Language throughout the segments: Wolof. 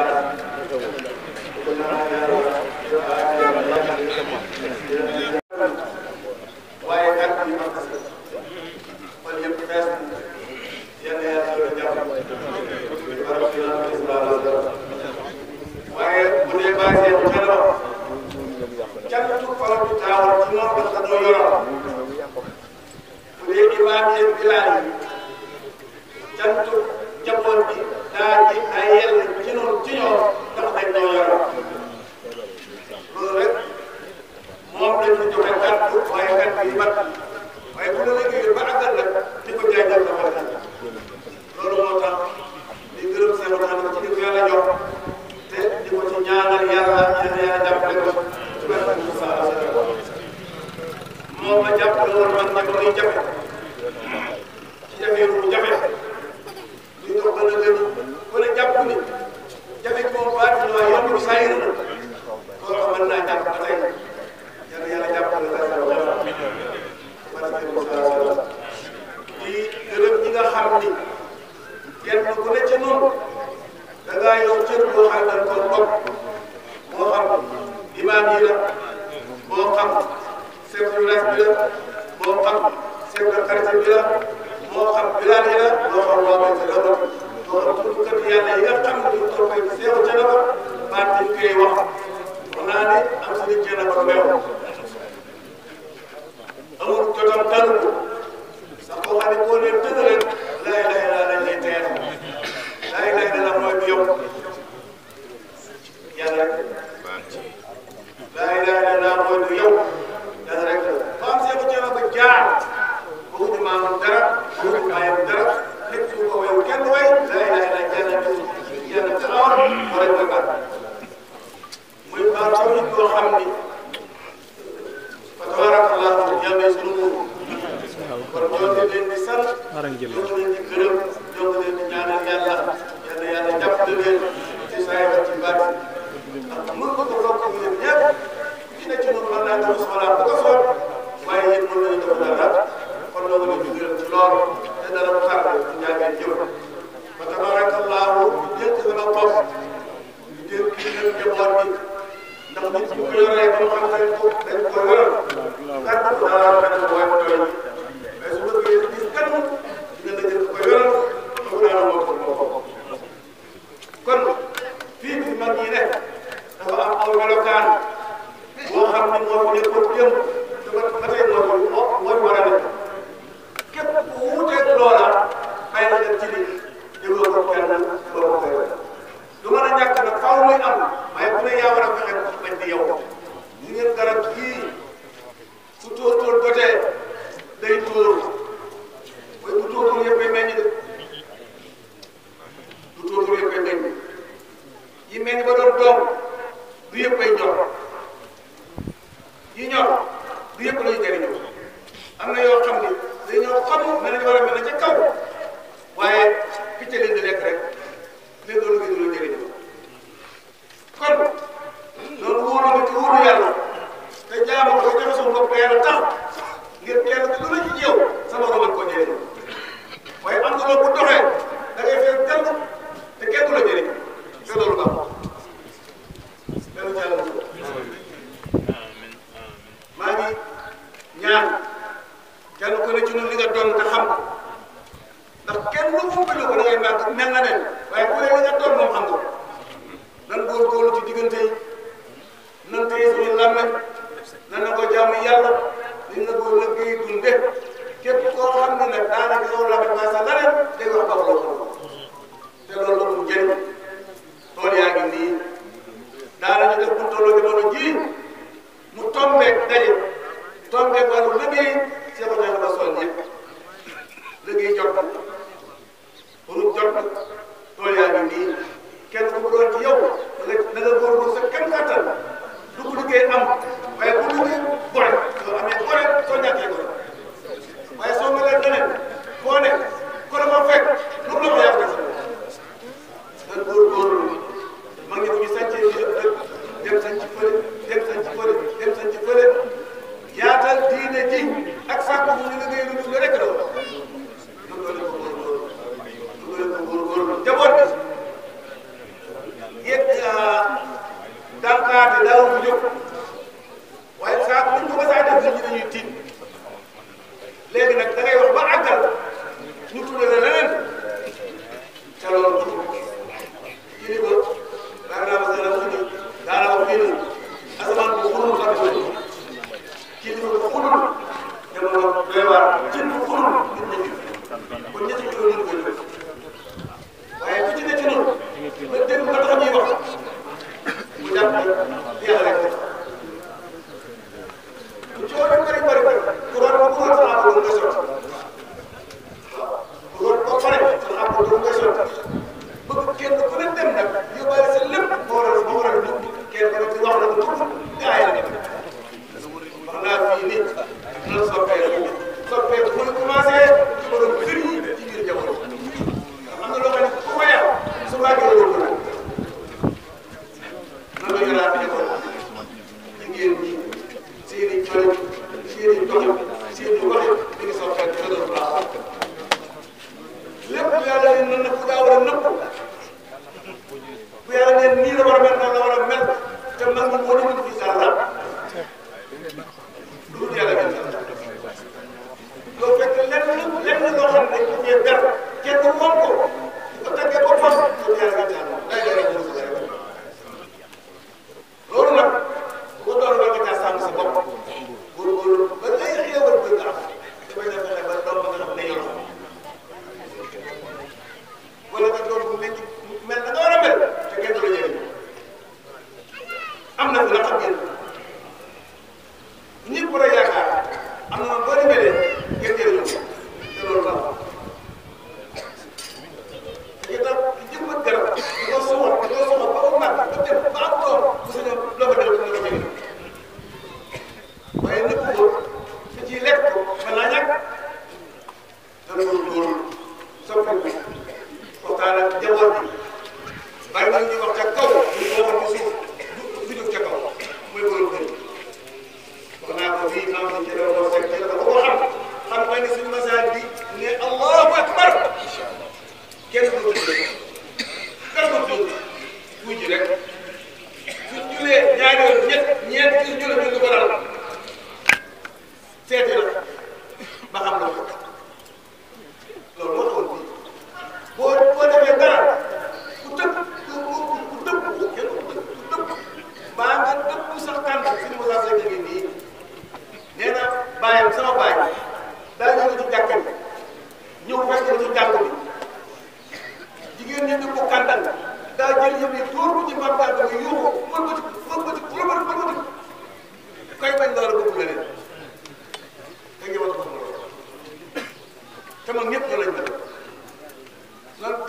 Obrigado. ただいたのか ñoo ngi leen di sant. ñoo ngi leen di gërëm ñoo ngi leen di ñaanal yàlla yàlla yàlla jàppale leen. day mel ni ba doon doom du yëpp ay ñor yi ñor du yëpp lay jëriñoo am na yoo xam ni dañoo xamu mel ni war a mel na ca kaw waaye picc leen di lekk rek léegi loolu ngi dul jëriñoo kon loolu ko joxe waaye am nga loolu bu doxee da ngay fekk kenn te kenn du la Thank you. त्यो सहयोग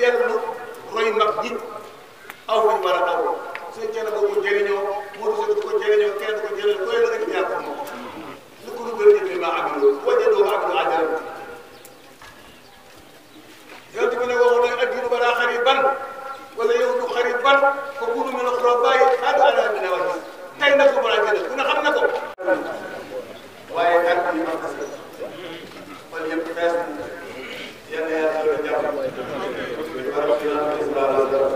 teel a roy mag ñi aw ñu war a aw seen teel a ko ko jëriñoo moo tax du ko jëriñoo kenn du ko jëriñoo koy la rek ñaar ko moom lu ko lu bëri jëndee maa amiloo boo ne waxoon nañ addiinu balaa xari ban a jënd ku ne xam na ko Obrigado.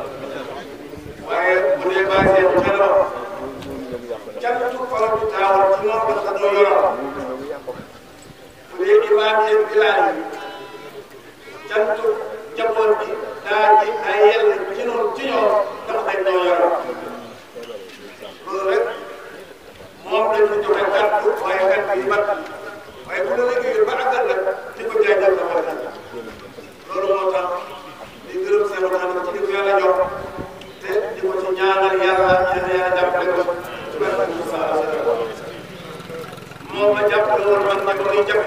আল্লাহর বান্দা করেই যাবে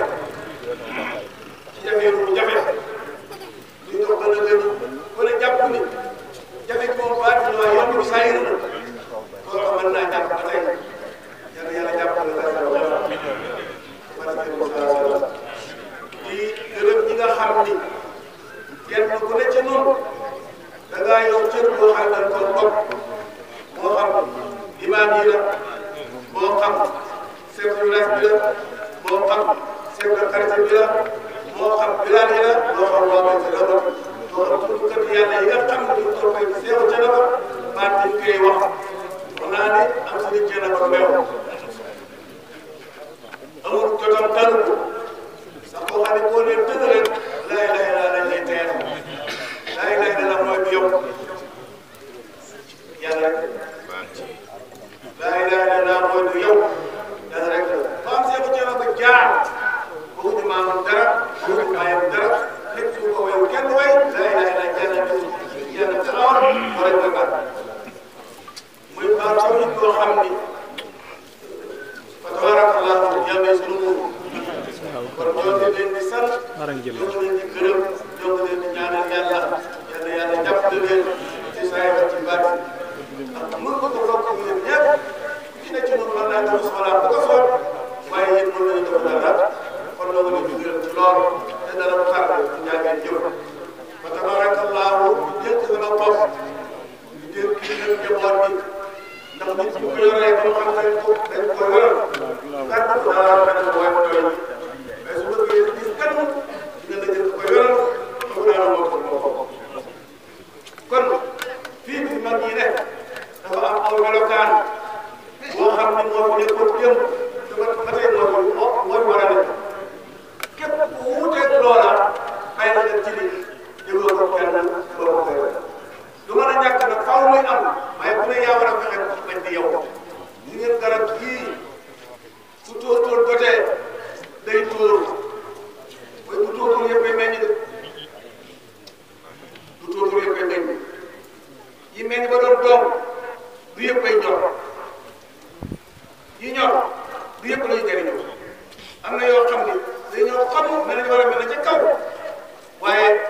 jeex bi la moo xam chef de quartier bi la moo xam village bi la moo xam waa Mbaye si Dado moo xam pour kër yàlla yi nga xam ne ñu toppee ci seewu ca Dado baat dañ koy wax xam naa ne am si liñ cee naka meew amul jotam tànn ko sax boo xam ne boo leen tënalee lay lay laa lañ lay teel lay lay la la mooy bi yow yàlla lay lay la laa mooy bi yow. jaar bëgguñu maamam dara bëgguñu baayam dara lépp su ko wéyul kenn way la lay lay lay jàllale ci jàllale ci lawar wala ñu baax muy baax ci nit boo xam ni fa tabaraka allah yàlla sunu nguur kon ñoo ngi leen di sant bañ di yow li ngeen garab kii su tóor tóor jotee ba bu tóor tóor yëpp ay meññ de yëpp yi meññ ba doon doom du yëpp ay ñor yi ñor du yëpp lañu jëriñoo am na yoo xam ne dañoo xamul mel ni war a mel na ca kaw waaye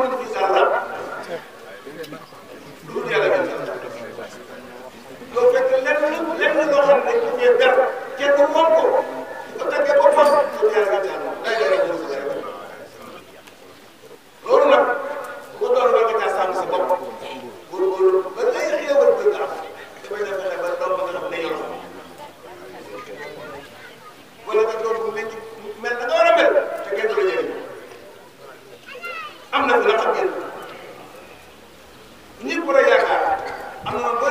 muito bizarra. Allah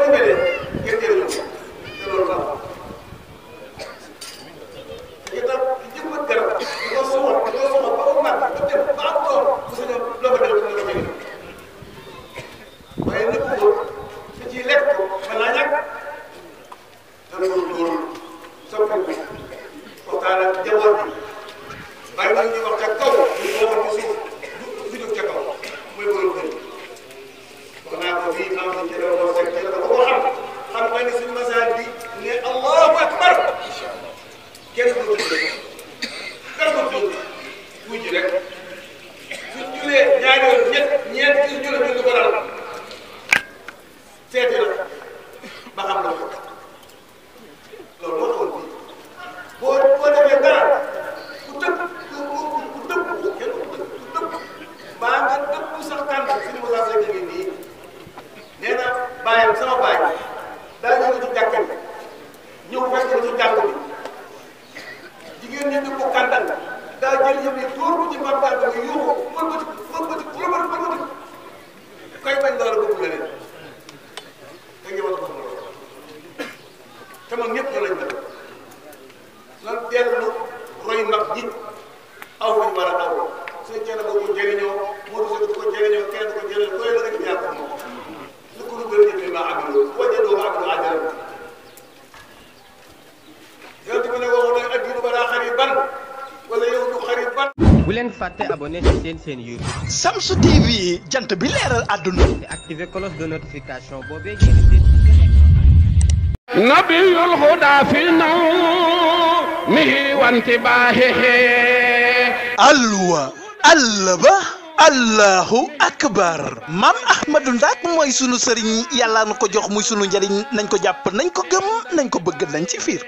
nit ñi ko kàndal daa jël yëf yi dóor ko ci mbàmpaay ba nga yóbbu mën ko ci mën ko ci mën ko ci koy bañ bu leen fàtte abonné ci sen sen youtube samsu TV jant bi leeral aduna te activé cloche de notification boobee ngeen di nabiyul huda fi naw mi wanti baahihi alwa alba allahu akbar mam ahmadu ndak moy sunu serigne yalla nako jox moy sunu njariñ nagn ko japp nagn ko gem nagn ko beug nañ ci fiir